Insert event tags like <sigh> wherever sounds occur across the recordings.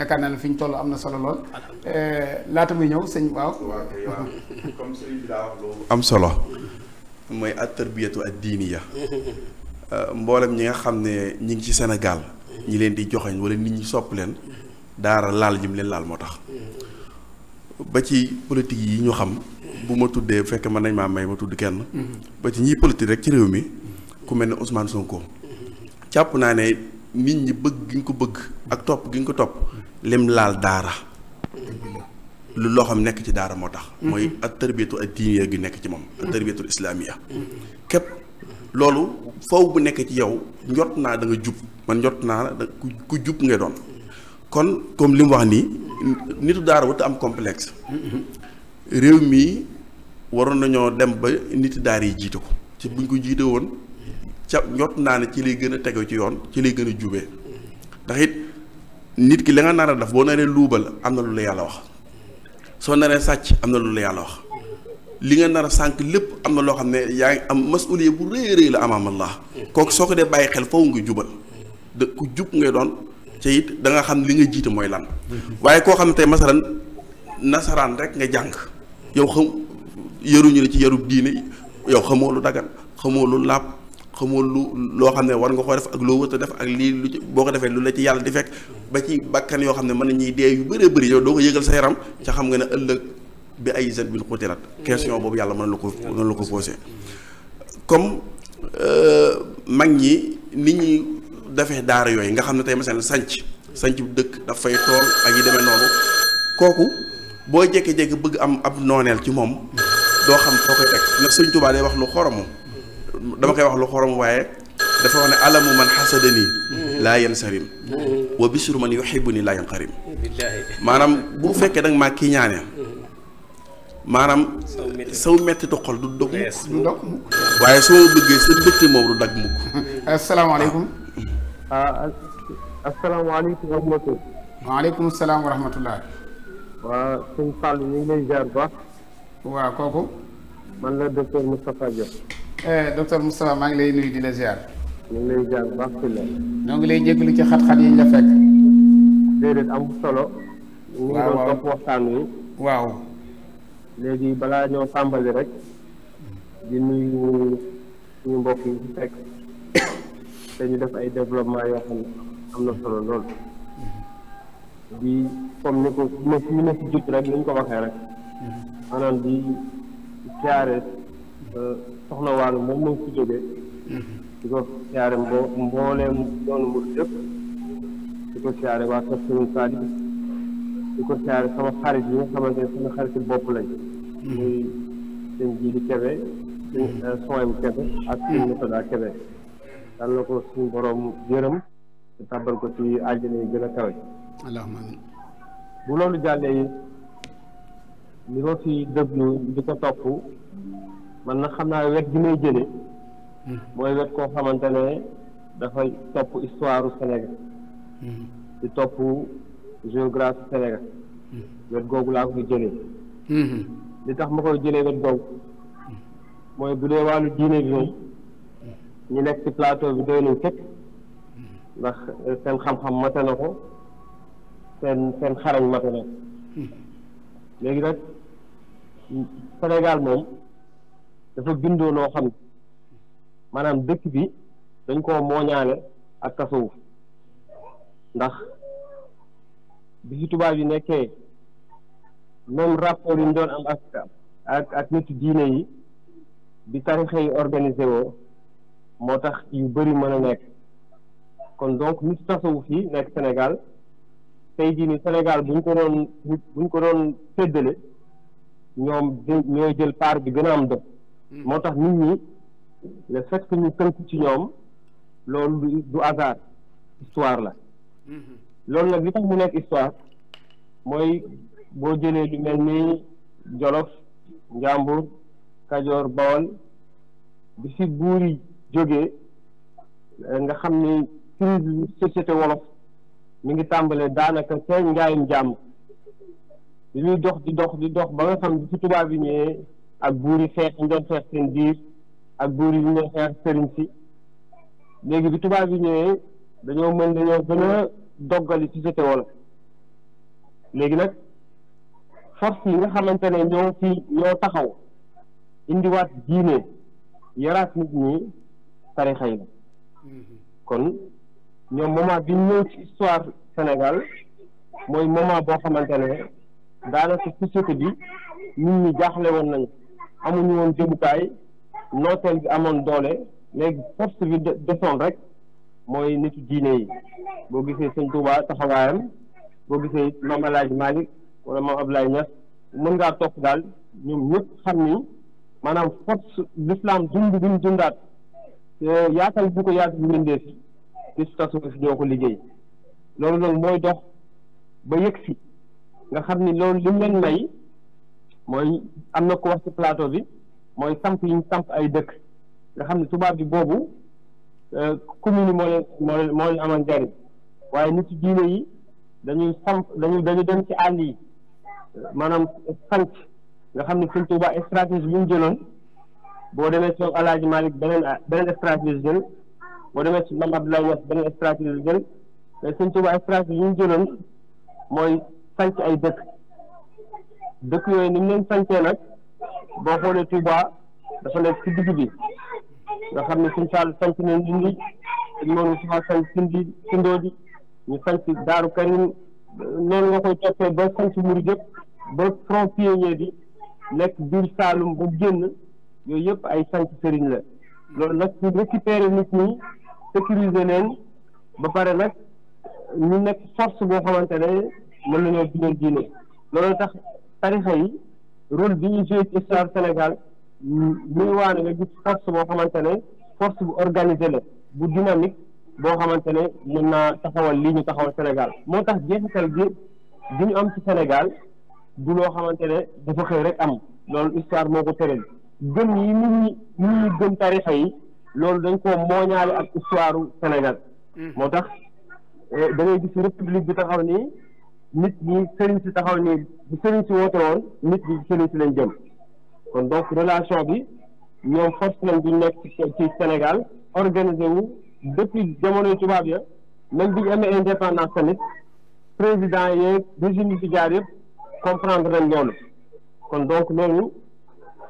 yaakaar naa ne fi ñu toll am na solo lool eh, laata muy ñëw sëñ waaw <laughs> am solo mooy at tarbiyatu ad diiniya <laughs> eh, mboolem ñi nga xam ne ñi ngi ci senegal ñi leen di joxeñ walla nit ñi sopp leen daara laal ji mu leen laal moo tax ba ci politique yi ñu xam bu ma tuddee bu fekkee mën nañ maa may ma tudd kenn mm-hmm. ba ci ñiy politique rek ci réew mi ku mel ne Ousmane Sonko mm-hmm. jàpp naa ne nit ñi bëgg gi nga ko bëgg ak topp gi nga ko topp lim laal daara lu loo xam nekk ci daara moo tax mooy mm-hmm. ak tarbiyatu ak diiniya gi nekk ci moom ak mm-hmm. tarbiyatul islaamiya mm-hmm. képp loolu faw bu nekk ci yow njot naa danga jub man njot naa da ku jub ngay doon kon comme li mu wax nii nitu daara wut am complexe réew mii waroon nañoo dem ba niti daar yi jiite ko ci buñ ko jiite woon ca njot naa ne ci lay gën a tege ci yoon ci lay gën a jubee ndax nit ki la nga nar a def boo naree luubal am na lu la yàlla wax soo naree sàcc am na lu la yàlla wax li nga nar a sànq lépp am na loo xam ne yaa ngi am mas masuliya bu rëy rëy la amaam Allah kooku soo ko dee bàyyi xel foofu nga jubal da ku jub ngay doon te it da nga xam li nga jiite mooy lan. waaye koo xam ne tey masalan nasaraan rek nga jàng yow xam yaruñu la ci yarub diine yow xamoo lu dagan xamoo lu làpp xamoo lu loo xam ne war nga ko def ak loo wërta def ak lii lu ci boo ko defee lu la ci yàlla di fekk ba ci bàkkan yoo xam ne mën nañuy dee yu bëree bëri yow doo ko yëgal sa yaram ca xam nga ne ëllëg bi ay zet bin xutilat question boobu yàlla mën na la ko mën na la ko posé comme euh, mag ñi nit ñi defee daara yooyu nga xam ne tey masalan sanc sanc bu dëkk daf fay tool ak yi demee noonu kooku boo jékki bëgg am ab nooneel ci moom doo xam foo koy teg wax lu xoromu dama koy wax lu xorom waaye dafa wax ne alamu man xasada nii laa yan sarim wa bisru man yuxibu nii laa yan xarim maanaam bu fekkee danga maa kii ñaane maanaam saw mettitu xol du dog mukk waaye soo bëggee sa bëtti moom du dagg mukk <laughs> asalaamaaleykum ah, asalaamaaleykum salaam wa rahmatullah waa sëñ ngi kooku man la docteur Moustapha Diop Eh, docteur Moustapha maa ngi lay nuyu di la ziar. lay ziar bu baax la. ñoo ngi lay jégalu ci xat-xat yi ñu fekk. déedéet am solo. waaw ñu waxtaan wi. waaw. léegi balaa ñoo tàmbali rek. di mbokk yi ci <coughs> ñu def ay développement yoo xam comme ni ko ma fi ma fi jut rek ni ñu ko waxee rek. Mm-hmm. maanaam di siyaare. Euh, soxna waalo moom moo fi jógee di ko siyaare mboo mbooleem doonu mbur yëpp di ko siyaare waa kër Sëriñ Saali di ko siyaare sama xarit yi nga xamante ne sama xarit bopp lañ muy sëñ Jili Kebe sëñ euh, Sohaybu Kebe ak sëñ Mourtada Kebe dal na ko suñu borom yërëm te tàbbal ko ci àjjana gën a kawe bu loolu jàllee yi li ko fi déglu di ko topp man na xam naa wet gi may jëlee hmm. mooy wet koo xamante ne dafay topp histoire u Sénégal hmm. di topp géographie Sénégal hmm. wet googu laa ko koy jëlee li tax ma koy jëlee wet googu mooy bu dee wàllu diine bi moom ñu nekk ci plateau bi doy nañ tëkk ndax seen xam-xam mate na ko seen seen xarañ mate na ko léegi nag Sénégal moom dafa bindoo noo xam maanaam dëkk bi dañ koo mooñaale ak tasawuf ndax bi ci tubaab yi nekkee même rapport yi doon am ak ak nit diine yi bi tarixa yi organisé woo moo tax yu bari mën a nekk kon donc nit tasawuf yi nekk senegal tey jii senegal Sénégal buñ ko doon buñ ko doon séddale ñoom ñooy jël part bi gën a am dëkk moo tax nit ñi le fait que ñu tënk ci ñoom loolu du hasard histoire la mm-hmm. loolu nag li tax mu nekk histoire mooy boo jëlee lu mel ni Jolof Njàmbur Kajoor Bawol bi ci buur yi jógee eh, nga xam ni crise société wolof mu ngi tàmbalee daanaka ca njaayum jàmm li ñuy dox di dox di dox ba nga xam bi ci tubaab yi ñëwee ak buur yi xeex yi doon xeex seen biir ak buur yi doon xeex sëriñ si léegi bi tubaab yi ñëwee dañoo mën dañoo gën a doggali société wolof léegi nag force yi nga xamante ne ñoo fi ñoo taxaw indiwaat diine yaraat nit ñi tarixa la kon ñoom moment bi ñëw ci histoire Sénégal mooy moment boo xamante ne daanaka société bi nit ñi jaaxle woon nañu amuñu woon jëmukaay nooteel bi amoon doole léegi force bi desoon rek mooy nit diine yi boo gisee sëñ Touba taxawaayam boo gisee maam El Hadj Malick wala maam Abdoulaye Niass mën ngaa topp daal ñoom ñëpp xam ni maanaam force l'islam dund bi mu dundaat yaatal bu ko yaatal mbindeef gis tasawuf ñoo ko liggéey loolu nag mooy dox ba yëg si nga xam ni loolu li mu leen may mooy am na ko wax ci plateau bi mooy samp yi ñu samp ay dëkk nga xam ne tubaab bi boobu euh, commune yi moo leen moo leen moo leen amal waaye nit ci diine yi dañuy samp dañu dañu dem ci àll yi maanaam sanc nga xam ne suñ Tuuba stratégie bi mu jëloon boo demee ci Alaaji Malik beneen beneen stratégie jël boo demee ci Mame Abdoulaye Niass beneen stratégie jël mais suñ Tuuba stratégie bi mu jëloon mooy sanc ay dëkk dëkk yooyu ni mu leen sañcee nag boo xoolee Touba dafa nekk ci digg bi nga xam ne suñ saal sanc ne Ndindi suñ moom sufa sanc Sindi Sindoodi ñu sanc Daaru Karim noonu nga koy toppee ba sanc muri yëpp ba front pionnier bi nekk biir Saalum bu génn yooyu yëpp ay sanc sëriñ la loolu nag ñu récupéré nit ñi sécuriser leen ba pare nag ñu nekk force boo xamante ne mën nañoo dina diine loolu tax tarixa yi rôle bi ñu joué ci histoire Sénégal muy waane nga force boo xamante ne force bu organisée la bu dynamique boo xamante ne mën naa taxawal lii ñu taxawal Sénégal moo tax jeexital bi di ñu am ci Sénégal du loo xamante ne dafa xëy rek am loolu histoire moo ko tëral gëm yi nit ñi nit tarixa yi loolu dañ ko mooñaale ak histoire Sénégal hmm. moo tax eh, da ngay gis république bi taxaw nii nit ñi sëriñ si taxaw nii bu sëriñ si woote woon nit ñi sëriñ si lañ jëm kon donc relation bi ñoom force lañ bu nekk ci Sénégal organisé wu depuis jamono tubaab ya même bi ñu amee indépendance tamit président yeeg régime yi fi jaar yëpp comprendre leen loolu kon donc loolu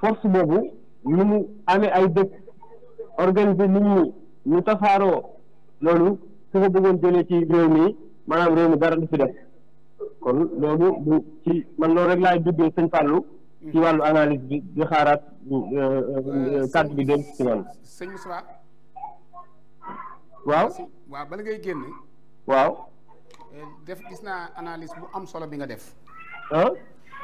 force boobu ni mu amee ay dëkk organiser nit ñi ñu tasaaroo loolu su ko bëggoon jëlee ci réew mi maanaam réew mi dara du fi def kon loolu bu man loolu rek laay duggee sëñ Fallou ci wàllu analyse bi di xaaraat euh, euh, euh, kàddu bi dem ci man sëñ Moussa waaw waaw bala ngay génn waaw def gis naa analyse bu am solo bi nga def ah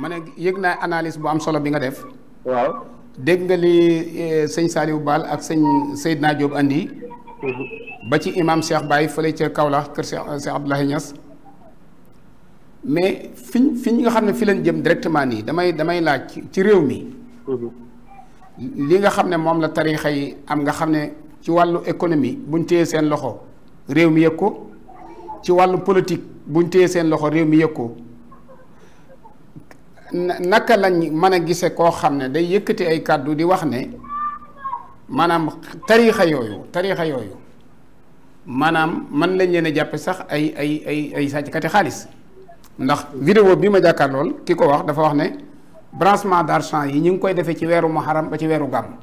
ma ne yëg naa analyse bu am solo bi nga def waaw dégg nga li sëñ Saliou Baal ak sëñ Seydina Diop andi mhm. ba ci imam Cheikh Baye fële ca Kaolack kër Cheikh Abdoulaye ñas mais fiñ fi nga xam ne fi lañ jëm directement nii damay damay laaj ci réew mi. Mhm. li nga xam ne moom la tarixa yi am nga xam ne ci wàllu économie buñ téye seen loxo réew mi yëg ko ci wàllu politique buñ téye seen loxo réew mi yëg ko naka lañ mën a gise koo xam ne day yëkkati ay kàddu di wax ne maanaam tarixa yooyu tarixa yooyu maanaam mën lañ leen a jàppe sax ay ay ay ay sàcckati xaalis ndax vidéo bi ma jàkkaar lool ki ko wax dafa wax ne branchement d'argent yi ñu ngi koy defee ci weeru muharam ba ci weeru gàmm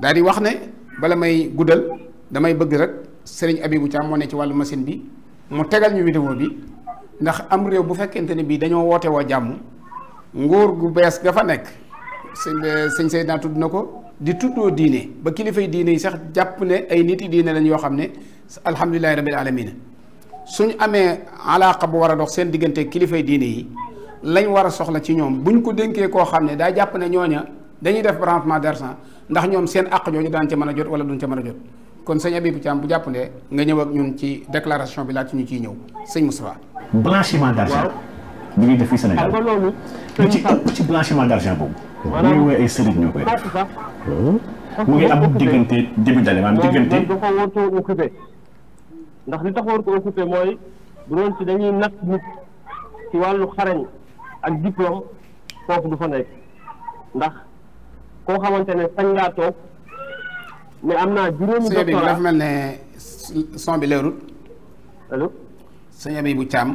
daal di wax ne bala may guddal damay bëgg rek sëriñ abibu Thiam moo ne ci wàllu machine bi mu tegal ñu vidéo bi ndax am réew bu fekkente ne bii dañoo woote woo jàmm nguur gu bees ga fa nekk sëñ sëñ Seydina tudd na ko di tuddoo diine ba kilifay diine yi sax jàpp ne ay nit yi diine lañ yoo xam ne alhamdulilahi rabbil alamina suñ amee alaaqa bu war a dox seen diggante kilifay diine yi lañ war a soxla ci ñoom buñ ko dénkee koo xam ne daa jàpp ne ñooña dañuy def branchement d'argent ndax ñoom seen àq jooju daan ca mën a jot wala duñ ca mën a jot kon sëñ Habib Thiam bu jàpp ne nga ñëw ak ñun ci déclaration bi laa ci ñu ciy ñëw sëñ Moustapha. blanchiment d'argent. bi ñuy def fii Sénégal xam nga loolu. lu ci ëpp ci blanchiment d'argent boobu. voilà ñuy woowee ay sëriñ ñoo koy mu ngi am diggante début d'année ndax li taxoon ko occupé mooy bu doon ci dañuy natt nit ci wàllu xarañ ak diplôme foofu du fa nekk ndax koo xamante ne sañ ngaa toog mais am naa juróomi doctorat sëñ bi mel ne son bi leerul allo sëñ bi bu caam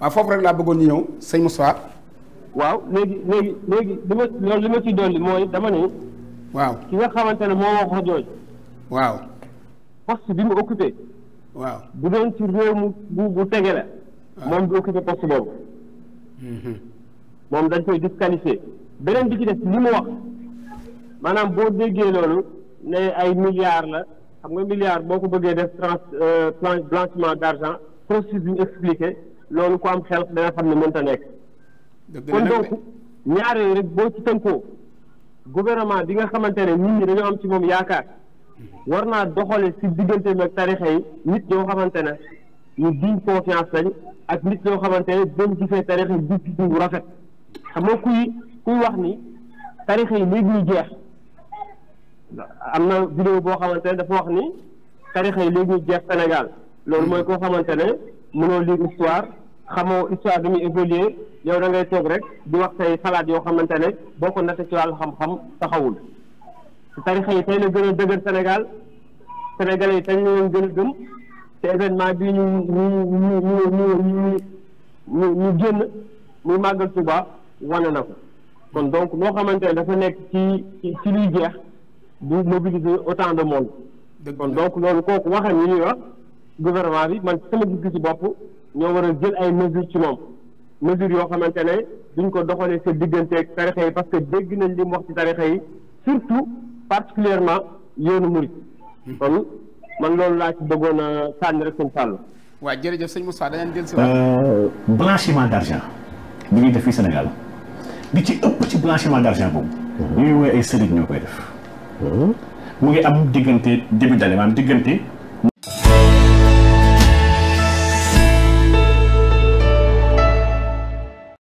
waaw foofu rek laa bëggoon ñu ñëw sëñ Moussa waaw léegi léegi léegi li ma loolu li ma ci dolli mooy dama ne waaw ki nga xamante ne moo wax jooju waaw poste bi mu occupé waaw bu doon ci réew mu bu bu tege la. Ah. moom du occupé poste boobu. Mm-hmm. moom dañ koy disqualifié beneen bi ci def li mu wax maanaam boo déggee loolu ne ay milliards la xam nga milliards boo ko bëggee def trans euh, blanchiment d' argent processus bi ñu loolu ko am xel danga xam ne mënta nekk. kon donc ñaareel rek boo ci tënkoo gouvernement bi nga xamante ne nit ñi dañoo am ci moom yaakaar. war naa doxale si diggante ak tarixa yi nit ñoo xamante ne ñu diñ confiance lañ ak nit ñoo xamante ne dañ gisee tarixa yi gis gis bu rafet xam nga kuy kuy wax ni tarixa yi léegi ñu jeex am na vidéo boo xamante ne dafa wax ni tarixa yi léegi ñu jeex Sénégal loolu mooy koo xamante ne mënoo lire histoire xamoo histoire bi muy évoluer yow da ngay toog rek di wax say xalaat yoo xamante ne boo ko nattee ci wàllu xam-xam taxawul tarixa yi tey la gën a dëgër Sénégal sénégalais yi tey la leen gën a gëm te événement bii ñu ñu ñu ñu ñu ñu génn muy màggal Tuuba wane na ko kon donc loo xamante ne dafa nekk ci ci luy jeex du mobiliser autant de monde kon donc loolu kooku waxam yi ñuy wax gouvernement bi man sama gis-gisu bopp ñoo war a jël ay mesures ci moom mesures yoo xamante ne duñ ko doxalee sa digganteeg tarixa yi parce que dégg nañ li wax ci tarixa yi surtout particulièrement yoonu murit kon man loolu laa ci bëggoon a sànni rek sëñ Fall. waaw jërëjëf sëñ Moussa da ngeen euh, d' argent bi ñuy def fii Sénégal li ci ëpp ci blanchiment d' argent boobu. Mhm. ñuy woowee ay sëriñ ñoo koy def. Mhm. mu ngi am diggante début d'année maanaam diggante.